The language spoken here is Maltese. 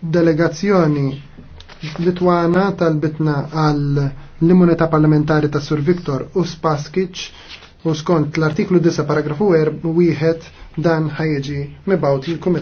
il-delegazzjoni Litwana tal-bitna għal l-immunità parlamentari ta' Sur Viktor Spaskic u skont l-artiklu 9 paragrafu 1 dan ħajġi mibawt il-Kumitat.